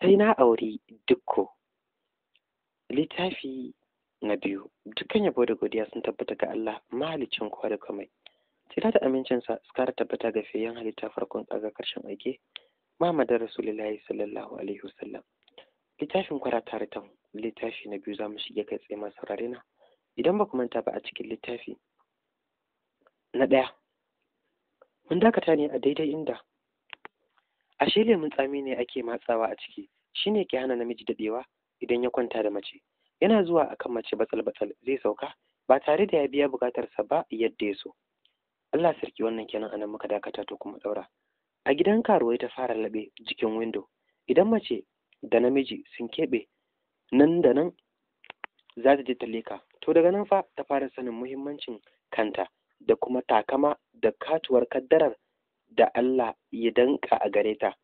sai na auri dukko littafi na biyu dukkan yabo da godiya sun tabbata ga Allah mahalicin kowa da komai Sai da amincinsa su kara tabbata ga fiyayyen halitta farkon kaga karshen aike Muhammad Rasulullahi sallallahu alaihi wasallam littafin kwara tare ta littafi na biyu za mu shige kai tsaye masu rarina idan ba ku manta ba a cikin littafi na ɗaya mun dakata ne a daidai inda ashe lemun tsami ne ake matsawa a ciki shine ke hana namiji daɗewa idan ya kwanta da mace yana zuwa akan mace batsal batsal zai sauka ba tare da ya biya bukatarsa ba yadda ya so Allah sarki wannan kenan anan muka dakata to kuma daura a gidan karuwai ta fara laɓe jikin windo idan mace da namiji sun keɓe nan da nan za ta je ta leka to daga nan fa ta fara sanin muhimmancin kanta da kuma takama da katuwar kaddarar da Allah ya danka a gare ta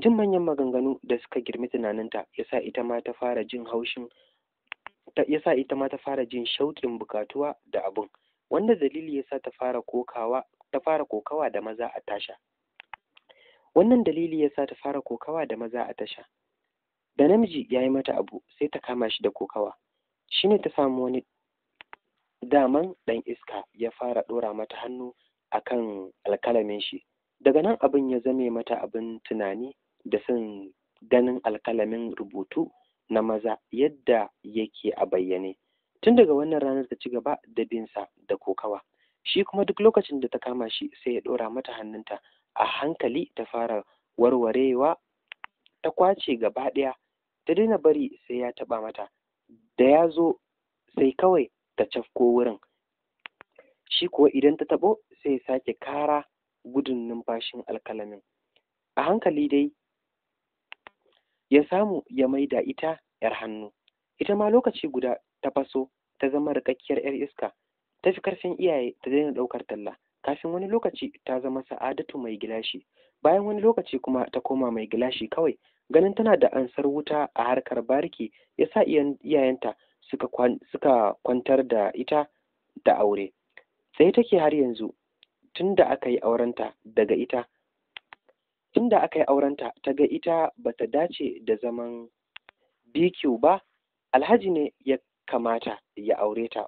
jin manyan maganganu da suka girmi tunaninta yasa ita ma ta fara jin haushin yasa ita ma ta fara jin shauƙin bukatuwa da abun wanda dalili yasa ta fara kokawa ta fara kokawa da maza a tasha wannan dalili yasa ta fara kokawa da maza a tasha da namiji ya yi mata abu sai ta kama shi da kokawa shine ta samu wani daman ɗan iska ya fara ɗora mata hannu a kan alkalamin shi daga nan abin ya zame mata abin tunani da son ganin alkalamin rubutu na maza yadda yake a bayyane tun daga wannan ranar ta ci gaba da binsa da kokawa shi kuma duk lokacin da ta kama shi sai ya ɗora mata hannunta a hankali ta fara warwarewa ta kwace gaba ɗaya ta daina bari sai ya taɓa mata da ya zo sai kawai ta cafko wurin shi kuwa idan ta taɓo sai ya sake kara gudun numfashin alkalamin a hankali dai ya samu ya maida ita yar hannu ita ma lokaci guda ta faso ta zama rikakkiyar yar iska ta fi karfin iyaye ta daina ɗaukar talla kafin wani lokaci ta zama sa'adatu mai gilashi bayan wani lokaci kuma ta koma mai gilashi kawai ganin tana da ansar wuta a harkar bariki ya sa iyayenta suka, kwantar da ita da aure sai take har yanzu tunda da aka yi aurenta daga ita tunda aka yi aurenta ta ga ita bata dace da zaman BQ ba alhaji ne ya kamata ya aure ta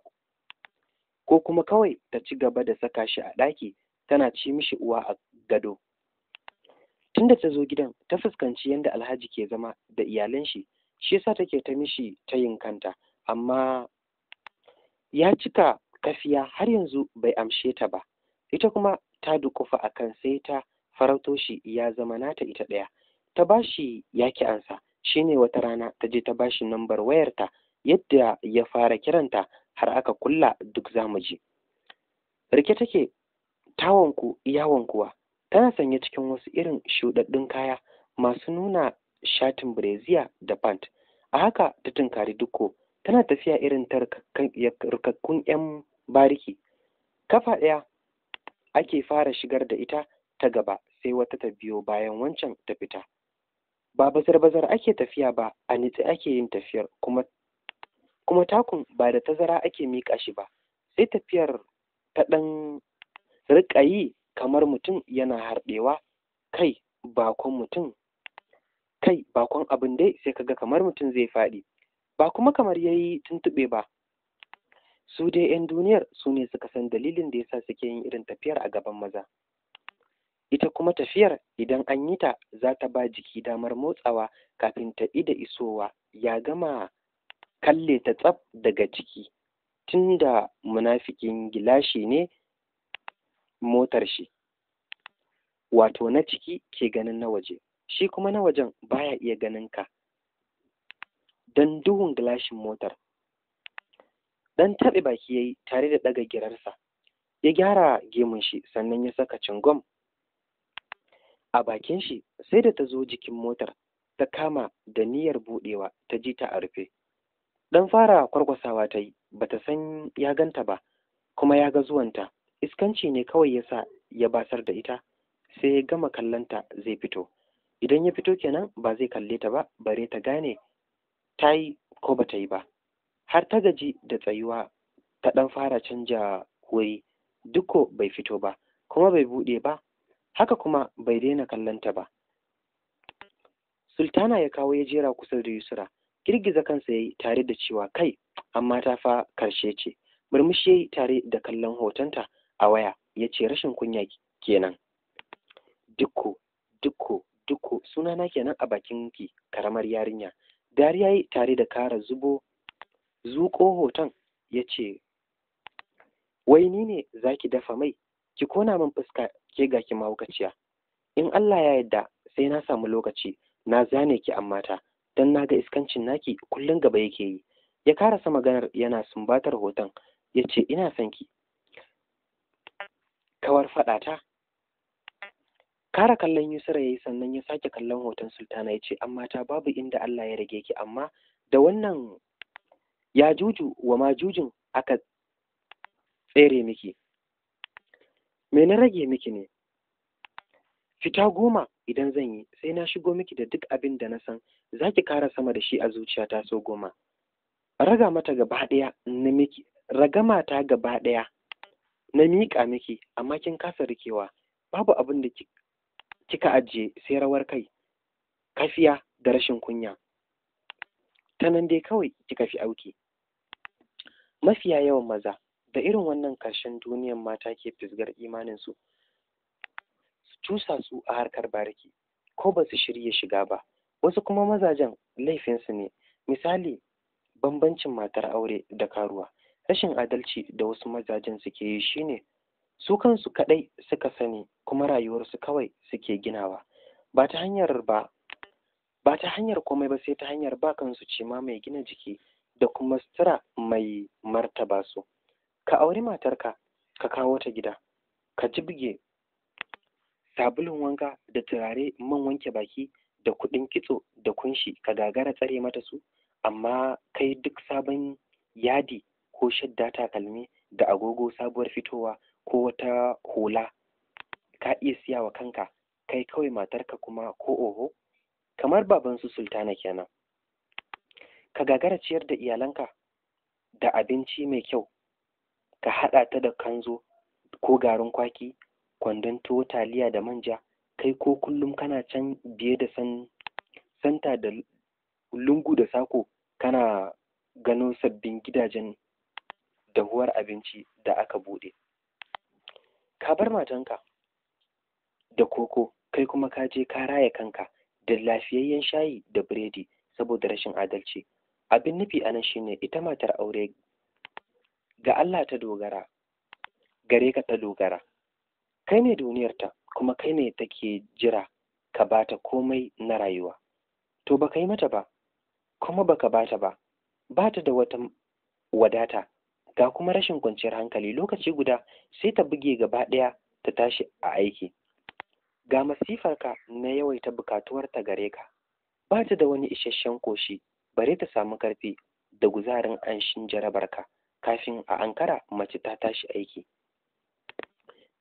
ko kuma kawai ta ci gaba da saka shi a ɗaki tana ci mishi uwa a gado tunda ta zo gidan ta fuskanci yadda alhaji ke zama da iyalan shi shi yasa take ta mishi ta yin kanta amma ya cika kafiya har yanzu bai amshe ta ba ita kuma ta dukufa a kan sai ta farauto shi ya zama nata ita ɗaya ta bashi ya ki ansa shi ne wata rana ta je ta bashi nambar wayarta yadda ya fara kiranta har aka kulla duk zamuji rike take tawanku yawon tana sanye cikin wasu irin shuɗaɗɗun kaya masu nuna shatin breziya da pant a haka ta tunkari dukko tana tafiya irin ta rukakkun yan bariki kafa ɗaya ake fara shigar da ita ta gaba sai wata ta biyo bayan wancan ta fita ba bazar-bazar ake tafiya ba a nitse ake yin tafiyar kuma kuma takun ba da tazara ake miƙa shi ba sai tafiyar ta ɗan riƙa yi kamar mutum yana harɗewa kai bakon mutum kai bakon abin dai sai kaga kamar mutum zai faɗi ba kuma kamar yayi tuntuɓe ba su dai 'yan duniyar su ne suka san dalilin da ya sa suke yin irin tafiyar a gaban maza ita kuma tafiyar idan an yi ta za ta ba jiki damar motsawa kafin ta ida isowa ya gama kalle ta tsaf daga ciki tunda munafikin gilashi ne motar shi wato na ciki ke ganin na waje shi kuma na wajen baya iya ganin ka don duhun gilashin motar dan taɓe baki yayi tare da ɗaga girarsa ya gyara gemun shi sannan ya saka cingom a bakin shi sai da ta zo jikin motar ta kama da niyyar buɗewa ta ji ta a rufe dan fara kwarkwasawa ta yi bata san ya ganta ba kuma ya ga zuwanta iskanci ne kawai ya sa ya basar da ita sai ya gama kallonta zai fito idan ya fito kenan ba zai kalle ta ba bare ta gane ta yi ko ba ta yi ba har ta gaji da tsayuwa ta ɗan fara canja wuri dukko bai fito ba kuma bai buɗe ba haka kuma bai daina kallonta ba sultana ya kawo ya jera kusa da yusra girgiza kansa ya yi tare da cewa kai amma ta fa karshe ce murmushi ya yi tare da kallon hotonta a waya ya ce rashin kunya kenan dukko dukko dukko sunana kenan a bakin ki karamar yarinya dariya yi tare da kara zubo zuƙo hoton ya ce wai ni ne za ki dafa mai ki kona min fuska ke ga ki mahaukaciya in Allah ya yarda sai na samu lokaci na zane ki amma ta don na ga iskancin naki kullum gaba yake yi ya karasa maganar yana sumbatar hoton ya ce ina son ki kawar faɗa ta kara kallon Yusra yi sannan ya sake kallon hoton Sultana ya ce amma ta babu inda Allah ya rage ki amma da wannan ya juju wa ma jujin aka tsere miki me na rage miki ne fita goma idan zan yi sai na shigo miki da duk abin da na san za ki kara sama da shi a zuciyata so goma raga mata gaba ɗaya na miki raga mata gaba ɗaya na miƙa miki amma kin kasa rikewa babu abin da kika ajiye sai rawar kai kafiya da rashin kunya ta nan dai kawai kika fi auki mafiya yawan maza da irin wannan ƙarshen duniyan mata ke fisgar imaninsu su cusa su a harkar bariki ko ba su shirya shiga ba wasu kuma mazajen laifinsu ne misali bambancin matar aure da karuwa rashin adalci da wasu mazajen suke yi shine su kansu kaɗai suka sani kuma rayuwarsu kawai suke ginawa ba ta hanyar ba ba ta hanyar komai ba sai ta hanyar ba kansu cima mai gina jiki da kuma sutura mai martaba su ka auri matarka ka kawo ta gida ka jibge sabulun wanka da turare man wanke baki da kuɗin kitso da kunshi ka gagara tsare mata su amma kai duk sabon yadi ko shadda takalmi da agogo sabuwar fitowa ko wata hula ka iya siya wa kanka kai kawai matarka kuma ko oho kamar babansu sultana kenan ka gagara ciyar da iyalanka da abinci mai kyau ka haɗa ta da kanzo ko garin kwaki kwandon tuwo taliya da manja kai ko kullum kana can biye da san santa da lungu da sako kana gano sabbin gidajen dahuwar abinci da aka buɗe ka bar matanka da koko kai kuma ka je ka raya kanka da lafiyayyen shayi da biredi saboda rashin adalci abin nufi a anan shine ita matar aure ga Allah ta dogara gare ka ta dogara kai ne duniyarta kuma kai ne take jira ka bata komai na rayuwa to baka yi mata ba kuma baka bata ba bata da wata wadata ga kuma rashin kwanciyar hankali lokaci guda sai ta buge gaba ɗaya ta tashi a aiki ga masifarka na yawaita bukatuwarta gare ka ba ta da wani isasshen koshi bare ta samu karfi da guzarin anshin jarabarka kafin a ankara mace ta tashi aiki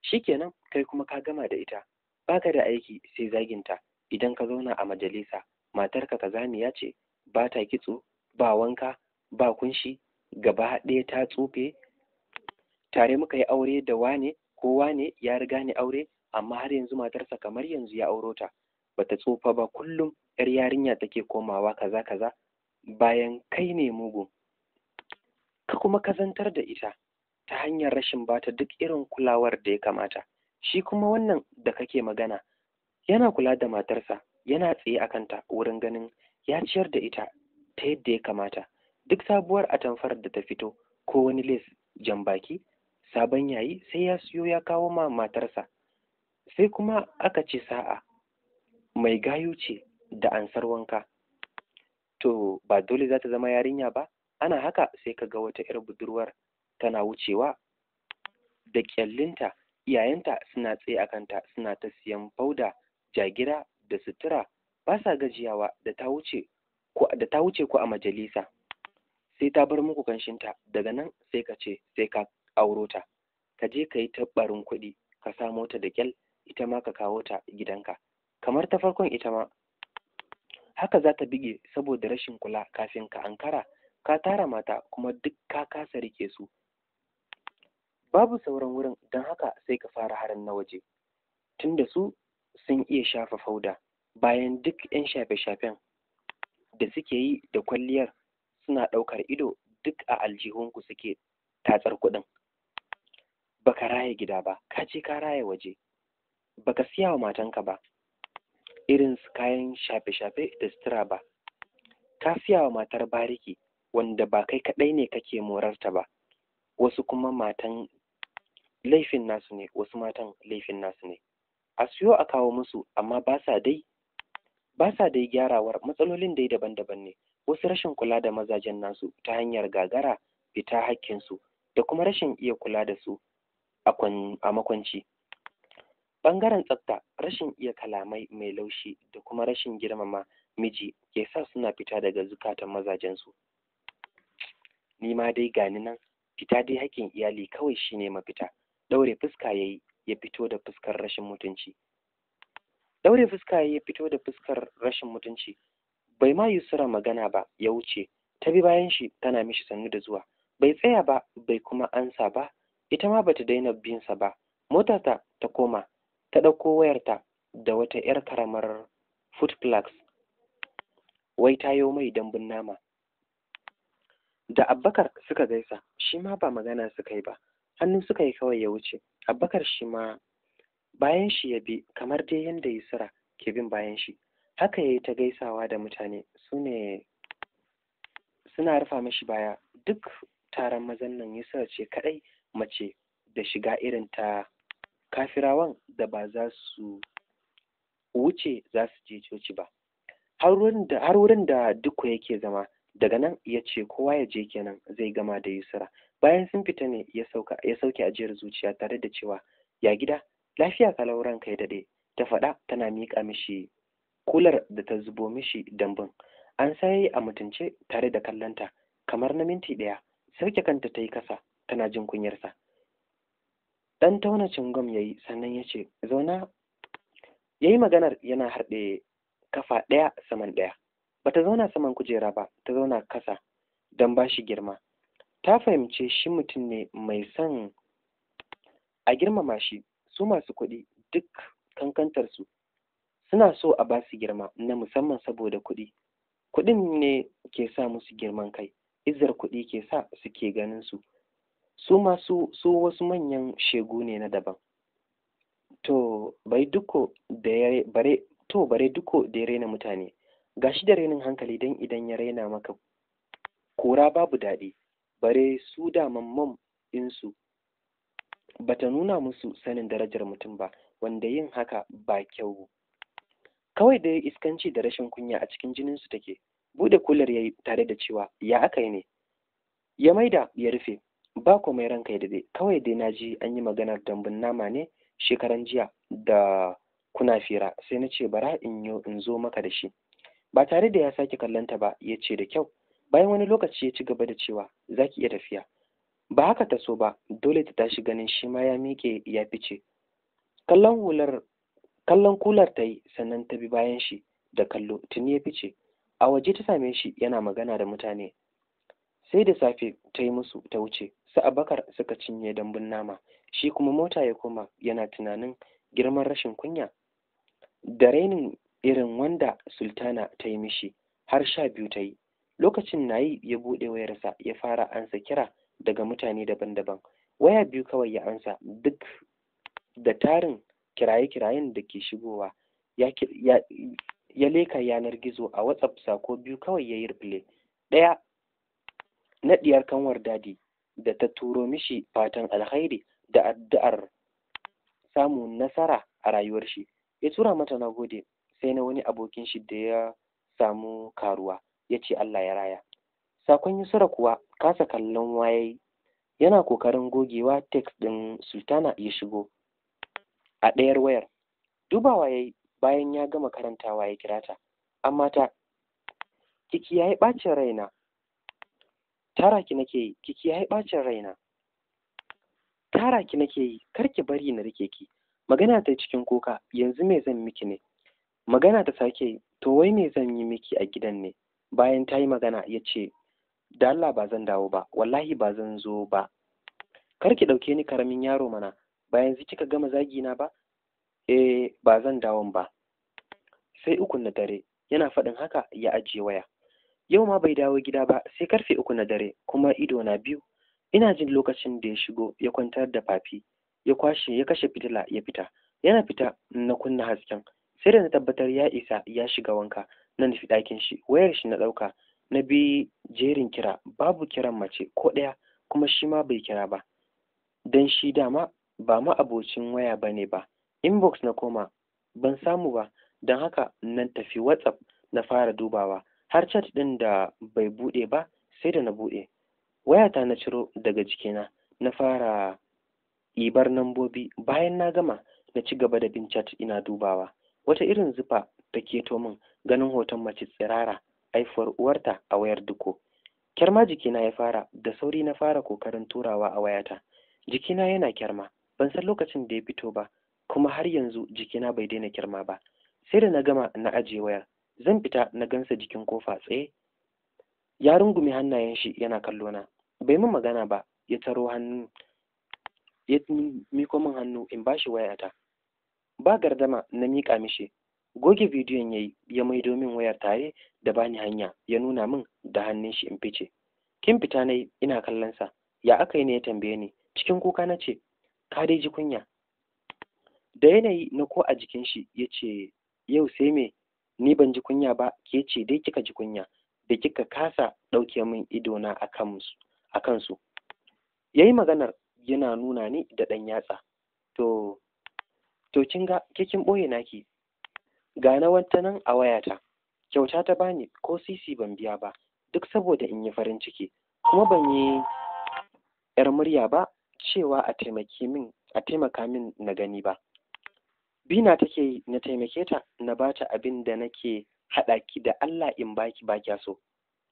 shikenan kai kuma ka gama da ita baka da aiki sai zaginta idan ka zauna a majalisa matar matarka kazamiya ce ba ta kitso ba wanka ba kunshi gaba ɗaya ta tsufe tare muka yi aure da wane ko wane ya riga ni aure amma har yanzu matarsa kamar yanzu ya auro ta bata tsufa ba kullum yar yarinya take komawa kaza kaza bayan kai ne mugu, ka kuma kazantar da ita ta hanyar rashin bata duk irin kulawar da ya kamata shi kuma wannan da kake magana yana kula da matarsa yana tsaye a kanta wurin ganin ya ciyar da ita ta yadda ya kamata duk sabuwar atamfar da ta fito ko wani les jan baki sabon yayi sai ya siyo ya kawo ma matarsa sai kuma aka ce sa'a mai gayu ce da ansar wanka to ba dole za ta zama yarinya ba ana haka sai ka ga wata 'yar budurwar tana wucewa da kyallinta iyayenta suna tsaye a kanta suna ta siyan fauda jagira da sutura ba sa gajiyawa da ta wuce ku a majalisa sai ta bar muku kanshinta daga nan sai ka ce sai ka auro ta ka je ka yi tabbarin kuɗi ka samo ta da kyal ita ma ka kawo ta gidanka kamar ta farkon ita ma haka za ta bige saboda rashin kula kafin ka ankara ka tara mata kuma duk ka kasa rike su babu sauran wurin don haka sai ka fara harin na waje tunda su sun iya shafa fauda bayan duk 'yan shafe-shafen da suke yi da kwalliyar suna ɗaukar ido duk a aljihunku suke tatsar kuɗin baka raya gida ba ka ce ka raya waje baka siya wa matanka ba irin su kayan shafe-shafe da sutura ba ka siya wa matar bariki wanda ba kai kaɗai ne kake morarta ba wasu kuma matan laifin nasu ne wasu matan laifin nasu ne a siyo a kawo musu amma ba sa dai ba sa dai gyarawar matsalolin dai daban-daban ne wasu rashin kula da mazajen nasu ta hanyar gagara fita hakkinsu da kuma rashin iya kula da su a makwanci Bangaren tsafta, rashin iya kalamai mai laushi da kuma rashin girmama miji ke sa suna fita daga zukatan mazajensu. Ni ma dai gani nan, fita dai hakkin iyali kawai shine mafita. Ɗaure fuska ya yi ya fito da fuskar rashin mutunci. Ɗaure fuska ya fito da fuskar rashin mutunci. Bai ma Yusra magana ba ya wuce, ta bi bayan shi tana mishi sannu da zuwa. Bai tsaya ba, bai kuma ansa ba, ita ma bata daina binsa ba. Motata ta koma ta ɗauko wayarta da wata 'yar karamar food flask wai tayo mai dambun nama da abbakar suka gaisa shi ma ba magana suka yi ba hannu suka yi kawai ya wuce abbakar shi ma bayan shi ya bi kamar dai yadda yusra ke bin bayan shi haka ya yi ta gaisawa da mutane su ne suna rufa mashi baya duk taron mazan nan yusra ce kaɗai mace da shiga irin ta kafirawan da ba za su wuce za su je coci ba har wurin da dukko yake zama daga nan ya ce kowa ya je kenan zai gama da yusra bayan sun fita ne ya sauke ajiyar zuciya tare da cewa ya gida lafiya kalauran kai daɗe ta faɗa tana miƙa mishi kular da ta zubo mishi dambun an saye a mutunce tare da kallonta kamar na minti ɗaya sauke kanta ta yi kasa tana jin kunyarsa dan tauna cingom yayi sannan yace ce zauna yayi maganar yana harɗe kafa ɗaya saman ɗaya bata zauna saman kujera ba ta zauna kasa dan bashi girma ta fahimce shi mutum ne mai son a girmama shi su masu kuɗi duk su suna so a basu girma na musamman saboda kuɗi kuɗin ne ke sa musu girman kai izar kuɗi ke sa suke ganin su su masu su wasu manyan shegu ne na daban to bari duko da ya bare to bare duko da ya raina mutane gashi da rainin hankali dan idan ya raina maka kora babu daɗi bare su damamman insu bata nuna musu sanin darajar mutum ba wanda yin haka ba kyau kawai da ya iskanci da rashin kunya a cikin jininsu take bude kular ya yi tare da cewa ya aka yi ne ya maida ya rufe ba komai ranka ya dade kawai dai na ji an yi maganar dambun nama ne shekaran jiya da kuna fira sai na ce bara in yo in zo maka da shi ba tare da ya sake kallonta ba ya ce da kyau bayan wani lokaci ya ci gaba da cewa za ki iya tafiya ba haka ta so ba dole ta tashi ganin shi ma ya miƙe ya fice kallon hular kallon kular ta yi sannan ta bi bayan shi da kallo tuni ya fice a waje ta same shi yana magana da mutane sai da safe ta yi musu ta wuce su abakar suka cinye dambun nama shi kuma mota ya koma yana tunanin girman rashin kunya da rainin irin wanda sultana ta yi mishi har sha biyu ta yi lokacin na yi ya buɗe wayarsa ya fara ansa kira daga mutane daban-daban waya biyu kawai ya ansa duk da tarin kiraye-kirayen da ke shigowa ya, leka yanar gizo a whatsapp sako biyu kawai ya yi rifle ɗaya na ɗiyar kanwar dadi da ta turo mishi fatan alkhairi da addu'ar samun nasara a rayuwar shi ya tura mata na gode sai na wani abokin shi da ya samu karuwa ya ce Allah ya raya sakon Yusra kuwa kasa kallon waye yana kokarin gogewa text din Sultana ya shigo a ɗayar wayar dubawa yayi bayan ya gama karantawa ya kirata, amma ta ciki yayi ɓacin raina tara ki nake yi ki kiyaye bacin raina tara ki nake yi kar ki bari na rike ki magana ta cikin kuka yanzu me zan miki ne magana ta sake to wai me zan yi miki a gidan ne bayan ta yi magana ya ce da Allah ba zan dawo ba wallahi ba zan zo ba kar ki ɗauke ni karamin yaro mana ba yanzu kika gama zagi na ba eh ba zan dawon ba sai ukun na dare yana faɗin haka ya ajiye waya yau ma bai dawo gida ba sai karfe uku na dare kuma ido na biyu ina jin lokacin da ya shigo ya kwantar da fafi ya kwashe ya kashe fitila ya fita yana fita na kunna hasken sai da na tabbatar ya isa ya shiga wanka na nufi ɗakin shi wayar shi na ɗauka na bi jerin kira babu kiran mace ko ɗaya kuma shi ma bai kira ba dan shi dama ba ma abocin waya ba ne ba inbox na koma ban samu ba don haka nan tafi whatsapp na fara dubawa har chat ɗin da bai buɗe ba sai da na buɗe wayata na ciro daga jikina na fara ibar nambobi bayan na gama na ci gaba da bin chat ina dubawa wata irin zufa ta keto min ganin hoton mace tsirara aifar uwarta a wayar duko kyarma jikina ya fara da sauri na fara kokarin turawa a wayata jikina yana kyarma ban san lokacin da ya fito ba kuma har yanzu jikina bai daina kyarma ba sai da na gama na ajiye wayar zan fita na gansa jikin kofa tsaye ya rungume hannayen shi yana kallo na bai min magana ba ya taro hannu ya miko min hannu in bashi wayata ba gardama na miƙa mishi goge bidiyon yayi ya maido min wayar tare da bani hanya ya nuna min da hannun shi in fice kin fita na yi ina kallon sa ya aka yi ne ya tambaye ni cikin kuka na ce ka dai ji kunya da yanayi na ko a jikin shi ya ce yau sai me ni ban ji kunya ba ke ce dai kika ji kunya da kika kasa ɗauke min idona a kansu ya yi maganar yana nuna ni da ɗan yatsa to to kin ga kikin ɓoye naki ga na wata nan a wayata kyauta ta bani ko sisi ban biya ba duk saboda in yi farin ciki kuma ban yi yar murya ba cewa a taimaka min na gani ba bina take yi na taimake ta na ba ta abin da nake haɗa ki da Allah in baki ba kya so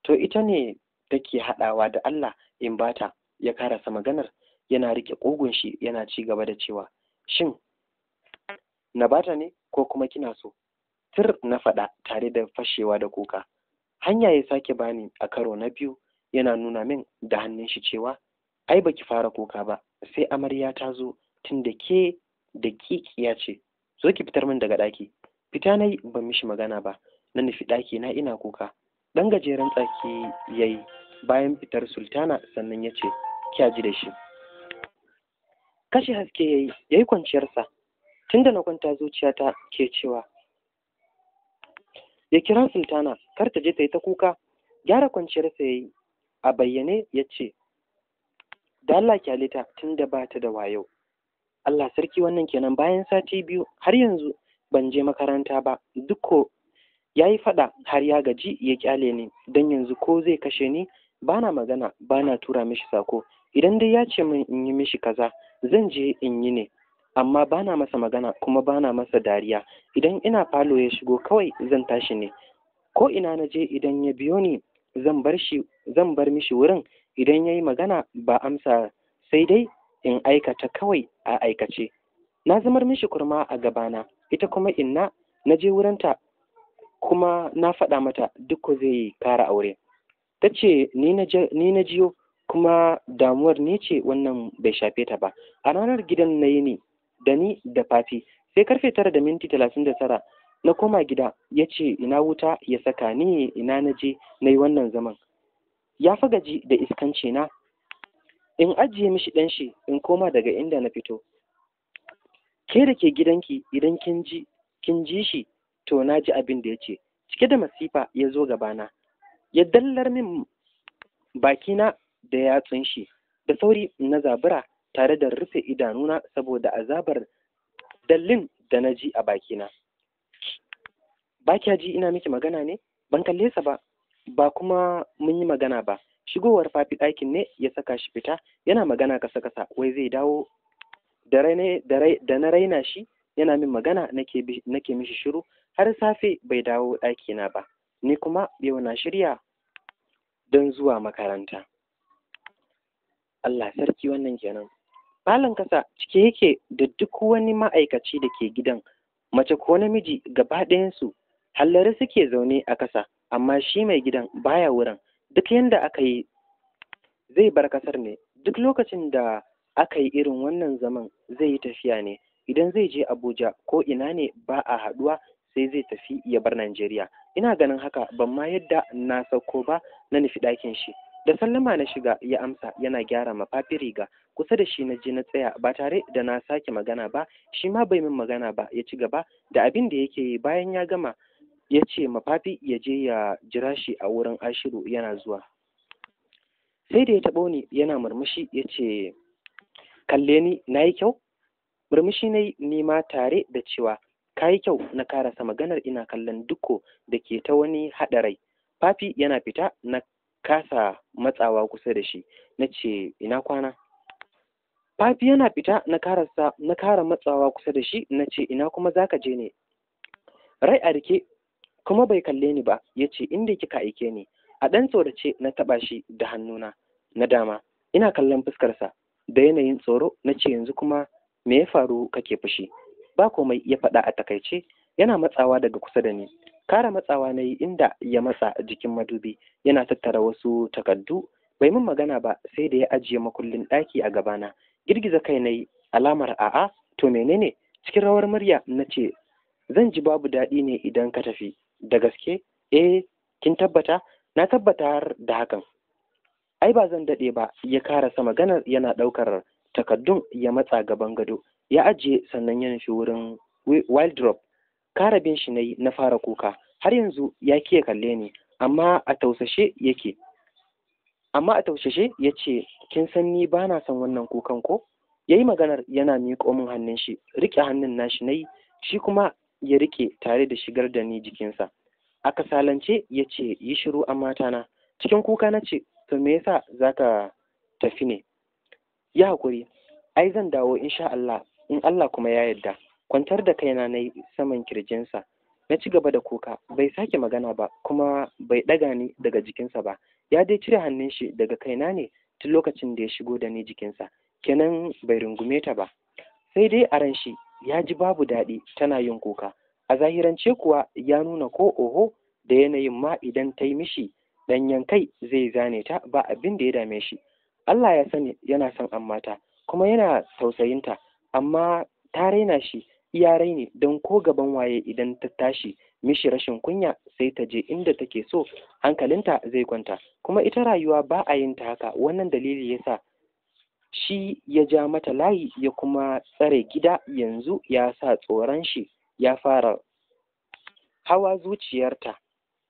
to ita ne take haɗawa da Allah in bata ya karasa maganar yana rike ƙugun shi yana ci gaba da cewa shin na bata ne ko kuma kina so tir na faɗa tare da fashewa da kuka hanya ya sake bani a karo na biyu yana nuna min da hannun shi cewa ai baki fara kuka ba sai amarya ta zo tun da ke da ya ce zo ki fitar min daga ɗaki fita na yi ban mishi magana ba na nufi ɗaki na ina kuka ɗan gajeren tsaki ya yi bayan fitar sultana sannan ya ce kya ji da shi kashe haske ya yi ya kwanciyarsa tunda na kwanta zuciyata ke cewa ya kira sultana kar ta je ta yi ta kuka gyara kwanciyarsa ya yi a bayyane ya ce da Allah kyalita tunda ba ta da wayo Allah sarki wannan kenan bayan sati biyu har yanzu ban je makaranta ba duk ko ya yi faɗa har ya gaji ya ƙyale ni don yanzu ko zai kashe ni bana magana bana tura mishi sako idan dai ya ce min in yi mishi kaza zan je in yi ne amma bana masa magana kuma bana masa dariya idan ina falo ya shigo kawai zan tashi ne ko ina na je idan ya biyo ni zan bar shi zan bar mishi wurin idan ya yi magana ba amsa sai dai in aikata kawai a aikace na zamar mishi kurma a gabana ita kuma inna na je wurinta kuma na faɗa mata duk zai kara aure ta ce ni na jiyo kuma damuwar ni ce wannan bai shafe ta ba a ranar gidan na yi ne da ni da fafi sai karfe tara da minti talatin da tara na koma gida ya ce ina wuta ya saka ni ina na je na yi wannan zaman ya fi gaji da iskanci na in ajiye mishi ɗan shi in koma daga inda na fito ke da ke gidanki idan kin ji kin ji shi to na ji abin da ya ce cike da masifa ya zo gabana ya dallar min bakina da ya shi da sauri na zabura tare da rufe idanuna saboda azabar dallin da na ji a bakina ba kya ji ina miki magana ne ban kalle sa ba ba kuma mun yi magana ba shigowar fafi ɗakin ne ya saka shi fita yana magana kasa kasa wai zai dawo da na raina shi yana min magana nake mishi shiru har safe bai dawo ɗakina ba ni kuma yau na shirya don zuwa makaranta Allah sarki wannan kenan Falon kasa cike yake da duk wani ma'aikaci da ke gidan mace ko namiji gaba ɗayansu hallari suke zaune a kasa amma shi mai gidan baya wurin duk yadda aka yi zai bar ƙasar ne duk lokacin da aka yi irin wannan zaman zai yi tafiya ne idan zai je abuja ko ina ne ba a haɗuwa sai zai tafi ya bar najeriya ina ganin haka ban ma yadda na sauko ba na nufi ɗakin shi da sallama na shiga ya amsa yana gyara mafafi riga kusa da shi na je na tsaya ba tare da na sake magana ba shi ma bai min magana ba ya ci gaba da abin da yake yi bayan ya gama ya ce mafafi ya je ya jira shi a wurin ashiru yana zuwa sai da ya taɓo ni yana murmushi ya ce kalle ni na yi kyau murmushi na yi nima tare da cewa ka yi kyau na karasa maganar ina kallon duko da ke ta wani haɗa rai fafi yana fita na kasa matsawa kusa da shi na ce ina kwana fafi yana fita na karasa kara matsawa kusa da shi na ce ina kuma za ka je ne rai a rike kuma bai kalle ni ba ya ce inda kika aike ni a ɗan tsorace na taɓa shi da hannuna na dama ina kallon fuskarsa da yanayin tsoro na ce yanzu kuma me ya faru kake fushi ba komai ya faɗa a takaice yana matsawa daga kusa da ni kara matsawa na yi inda ya matsa jikin madubi yana tattara wasu takardu bai min magana ba sai da ya ajiye makullin ɗaki a gabana girgiza kai na yi alamar a'a to menene cikin rawar murya na ce zan ji babu daɗi ne idan ka tafi da gaske eh kin tabbata na tabbata har da hakan ai ba zan daɗe ba ya karasa maganar yana ɗaukar takaddun ya matsa gaban gado ya ajiye sannan ya nufi wurin drop karabin shi nayi na fara kuka har yanzu ya kiye kalle ni amma a tausashe yake amma a tausashe ya ce kin san ni ba na son wannan kukan ko ya yi maganar yana miƙo min hannun shi riƙe hannun nashi nayi shi kuma ya rike tare da shigar da ni jikinsa a kasalance ya ce yi shiru a matana cikin kuka na ce to me yasa ka tafi ne ya haƙuri, ai zan dawo insha Allah in Allah kuma ya yarda kwantar da kaina na saman kirjinsa na ci gaba da kuka bai sake magana ba kuma bai ɗaga ni daga jikinsa ba ya dai cire hannun shi daga kaina ne tun lokacin da ya shigo da ni jikinsa kenan bai rungume ta ba sai dai a ran shi ya ji babu daɗi tana yin kuka a zahirance kuwa ya nuna ko oho da yanayin ma idan ta yi mishi ɗanyen kai zai zane ta ba abin da ya dame shi Allah ya sani yana son an mata kuma yana tausayinta amma ta raina shi iya raini don ko gaban waye idan ta tashi mishi rashin kunya sai ta je inda take so hankalinta zai kwanta kuma ita rayuwa ba a yin ta haka wannan dalili yasa shi ya ja mata layi ya kuma tsare gida yanzu ya sa tsoron shi ya fara hawa zuciyarta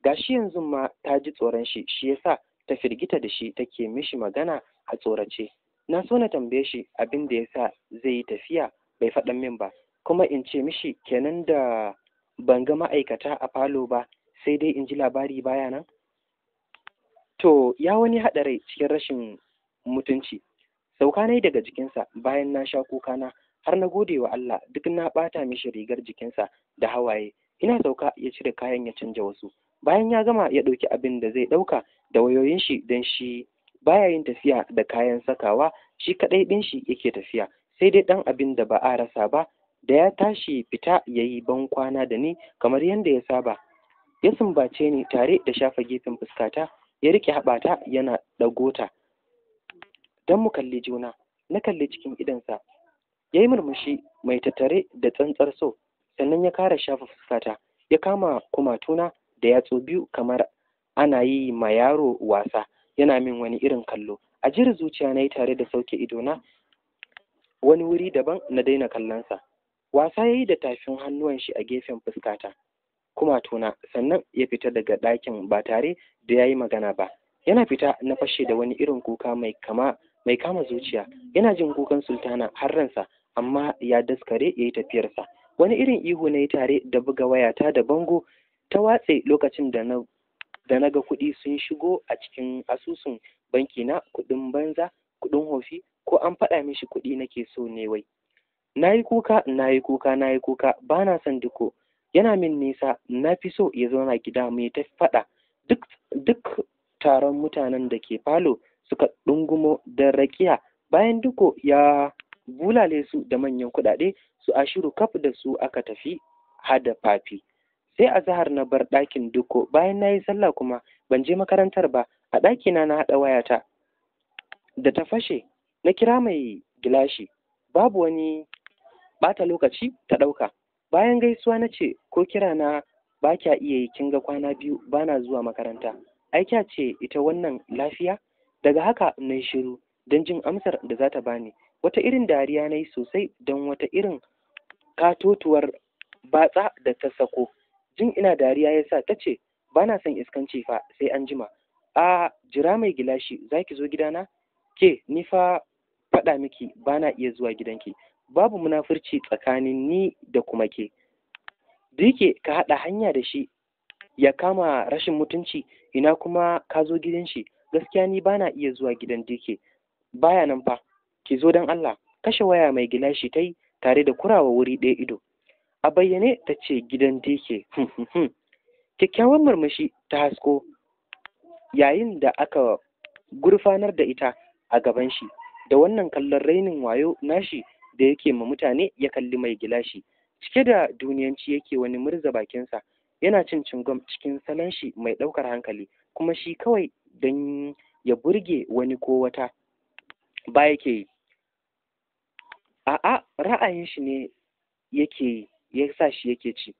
Ga shi yanzu ma ta ji tsoron shi shi ya sa ta firgita da shi take mishi magana a tsorace na so na tambaye shi abin da sa zai yi tafiya bai faɗan min ba kuma in ce mishi kenan da ban ga ma'aikata a falo ba sai dai in ji labari baya nan to ya wani haɗa cikin rashin mutunci sauka na daga jikinsa bayan na sha kuka na. har na gode wa Allah duk na ɓata mishi rigar jikinsa da hawaye ina sauka ya cire kayan ya canja wasu bayan ya gama ya ɗauki abin da zai ɗauka da wayoyin shi don shi baya yin tafiya da kayan sakawa shi kaɗai ɗin shi yake tafiya sai dai ɗan abin da ba a rasa ba da ya tashi fita ya yi ban kwana da ni kamar yadda ya saba ya sumbace ni tare da shafa gefen fuskata ya riƙe haɓata yana ɗagota don mu kalli juna na kalli cikin idonsa ya yi murmushi mai tattare da tsantsar so sannan ya kara shafa fuskata ya kama kumatuna da yatsu biyu kamar ana yi ma yaro wasa yana min wani irin kallo a jir zuciya na yi tare da sauke idona wani wuri daban na daina kallonsa wasa ya yi da tafin hannuwan shi a gefen fuskata kumatuna sannan ya fita daga ɗakin ba tare da ya yi magana ba yana fita na fashe da wani irin kuka mai kama mai kama zuciya yana jin kukan sultana har ransa amma ya daskare ya yi tafiyarsa wani irin ihu na yi tare da buga wayata da bango ta watse lokacin da na da na ga kuɗi sun shigo a cikin asusun banki na kuɗin banza kuɗin hofi ko an faɗa mishi kuɗi nake so ne wai na yi kuka na yi kuka na yi kuka ba na son duko yana min nisa na fi so ya zauna gida mai ta faɗa duk duk taron mutanen da ke falo suka ɗungumo da rakiya bayan duko ya bulale su da manyan kuɗaɗe su a shiru kaf da su aka tafi hada fafi sai a zahar na bar ɗakin duko bayan na yi sallah kuma ban je makarantar ba a ɗakina na haɗa wayata da ta fashe na kira mai gilashi babu wani ɓata lokaci ta ɗauka bayan gaisuwa na ce ko kira na ba kya iya yi kinga kwana biyu bana zuwa makaranta ai kya ce ita wannan lafiya daga haka na shiru don jin amsar da za ta bani wata irin dariya na yi sosai don wata irin katotuwar batsa da ta sako jin ina dariya ya sa ta ce ba na son iskanci fa sai an jima a jira mai gilashi za ki zo gidana ke ni fa faɗa miki ba na iya zuwa gidanki babu munafurci tsakanin ni da kuma ke da ka haɗa hanya da shi ya kama rashin mutunci ina kuma ka zo gidan shi gaskiya ni bana iya zuwa gidan dike baya nan fa ki zo don Allah kashe waya mai gilashi ta tare da kurawa wuri ɗaya ido a bayyane ta ce gidan dike hmm, hmm, hmm. kyakkyawan murmushi ta hasko yayin da aka gurfanar da ita a gaban shi da wannan kallon rainin wayo nashi da yake ma mutane ya kalli mai gilashi cike da duniyanci yake wani murza bakinsa yana cin cingom cikin salon shi mai ɗaukar hankali kuma shi kawai don ya burge wani ko wata ba yake yi a'a ra'ayin shi ne yake yi ya sa shi yake ci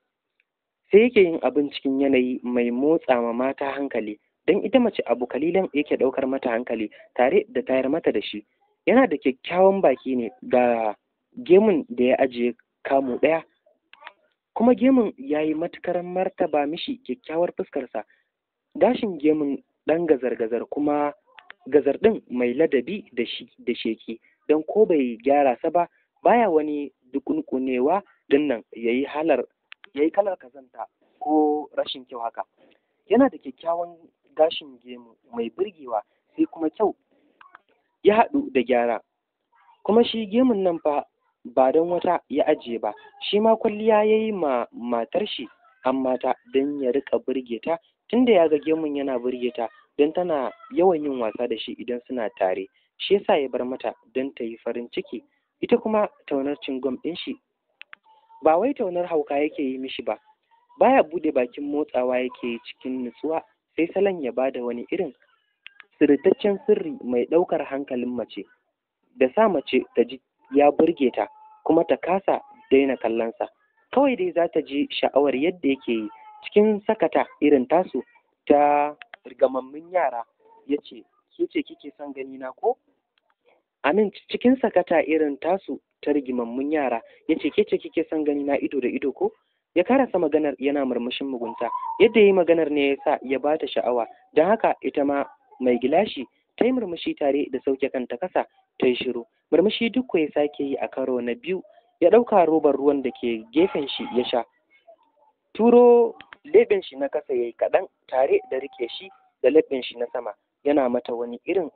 sai yake yin abin cikin yanayi mai motsa ma mata hankali don ita mace abu kalilan yake ɗaukar mata hankali tare da tayar mata da shi yana da kyakkyawan baki ne ga gemun da ya ajiye kamu ɗaya kuma gemun ya yi matukar martaba mishi kyakkyawar fuskarsa gashin gemun ɗan gazar-gazar kuma gazar ɗin mai ladabi da sheki don ko bai gyara sa ba baya wani dukunkunewa din nan yayi halar yayi kalar kazanta ko rashin kyau haka yana da kyakkyawan gashin gemu mai birgewa, sai kuma kyau ya haɗu da gyara kuma shi gemun nan fa ba don wata ya ajiye ba shi ma kwalliya ya yi ma matar shi amma ta don ya rika burge ta tunda ya ga gemun yana burge ta don tana yawan yin wasa da shi idan suna tare shi yasa ya bar mata don ta yi farin ciki ita kuma taunar cingom ɗin shi ba wai taunar hauka yake yi mishi ba baya bude bakin motsawa yake yi cikin nutsuwa sai salon ya bada wani irin Surutaccen sirri mai ɗaukar hankalin mace da sa mace ta ji ya burge ta kuma ta kasa daina kallonsa kawai dai za ta ji sha'awar yadda yake yi cikin sakata irin tasu ta rigamammun yara ya ce ke ce kike son gani na ko amin cikin sakata irin tasu ta rigimammun yara ya ce ke kike son gani na ido da ido ko ya karasa maganar yana murmushin mugunta yadda ya yi maganar ne ya sa ya ba ta sha'awa don haka ita ma mai gilashi ta yi murmushi tare da sauke kanta kasa ta yi shiru murmushi duk ya sake yi a karo na biyu ya ɗauka robar ruwan da ke gefen shi ya sha turo lebin shi na kasa yayi kaɗan tare da rike shi da lebin shi na sama yana mata wani irin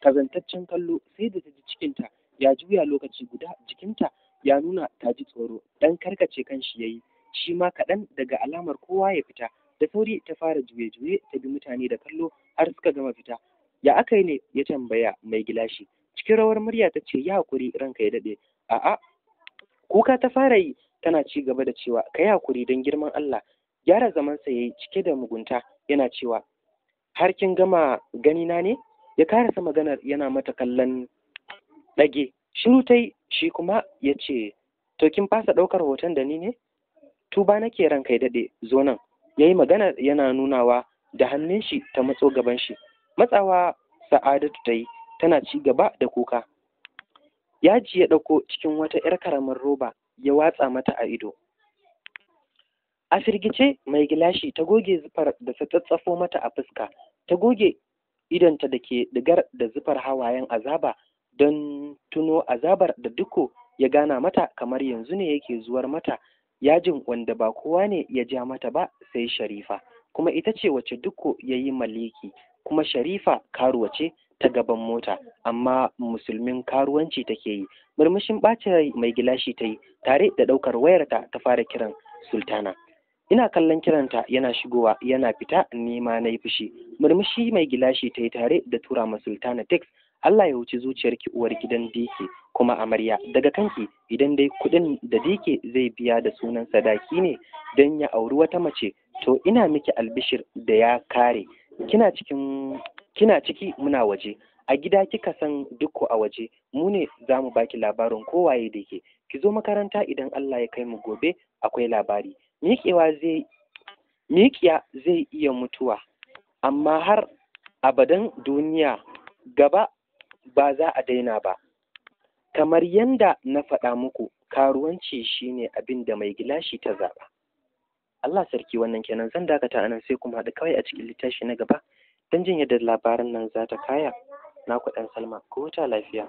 kazantaccen kallo sai da ta ji cikinta ya juya lokaci guda jikinta ya nuna ta ji tsoro dan karkace kan kanshi yayi shi ma kaɗan daga alamar kowa ya fita da sauri ta fara juye-juye ta bi mutane da kallo har suka gama fita ya aka yi ne ya tambaya mai gilashi cikin rawar murya ta ce ya hakuri ranka ya daɗe a'a kuka ta fara yi tana ci gaba da cewa ka yi hakuri don girman Allah gyara zamansa ya yi cike da mugunta yana cewa har kin gama na ne ya karasa maganar yana mata kallon ɗage shiru ta shi kuma ya ce to kin fasa ɗaukar hoton da ni ne tuba nake ran kai daɗe zo nan ya yi maganar yana nunawa da hannun shi ta matso gaban shi matsawa sa'adatu ta yi tana ci gaba da kuka yaji ya ɗauko cikin wata 'yar karamar roba ya watsa mata a ido a firgice mai gilashi ta goge zufar da ta tsatsafo mata a fuska ta goge idonta da ke digar da zufar hawayen azaba don tuno azabar da duko ya gana mata kamar yanzu ne yake zuwar mata yajin wanda ba kowa ne ya ja mata ba sai sharifa kuma ita ce wace duko ya yi maliki kuma sharifa karuwa ce ta gaban mota amma musulmin karuwanci take yi murmushin ɓacin mai gilashi ta yi tare da ɗaukar wayarta ta fara kiran sultana ina kallon kiranta yana shigowa yana fita nema na yi fushi murmushi mai gilashi ta yi tare da tura ma sultana tex Allah ya wuce zuciyar ki uwar gidan dike kuma amarya daga kanki idan dai kuɗin da dike zai biya da sunan sadaki ne don ya auri wata mace to ina miki albishir da ya kare kina kina ciki muna waje a gida kika san dukku a waje mu ne za mu baki labarin kowaye da ke ki zo makaranta idan Allah ya kai mu gobe akwai labari miƙewa zai miƙiya zai iya mutuwa amma har abadan duniya gaba ba za a daina ba kamar yanda na faɗa muku karuwanci shine abin da mai gilashi ta zaɓa Allah sarki wannan kenan zan dakata anan sai kuma haɗu kawai a cikin littafi na gaba dan jin yadda labaran nan za ta kaya na ɗan salma ko ta lafiya